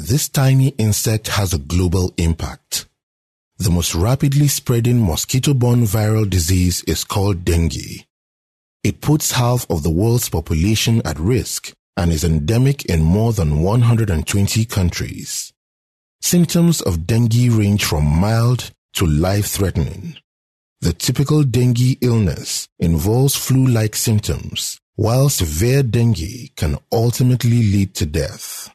This tiny insect has a global impact. The most rapidly spreading mosquito-borne viral disease is called dengue. It puts half of the world's population at risk and is endemic in more than 120 countries. Symptoms of dengue range from mild to life-threatening. The typical dengue illness involves flu-like symptoms, while severe dengue can ultimately lead to death.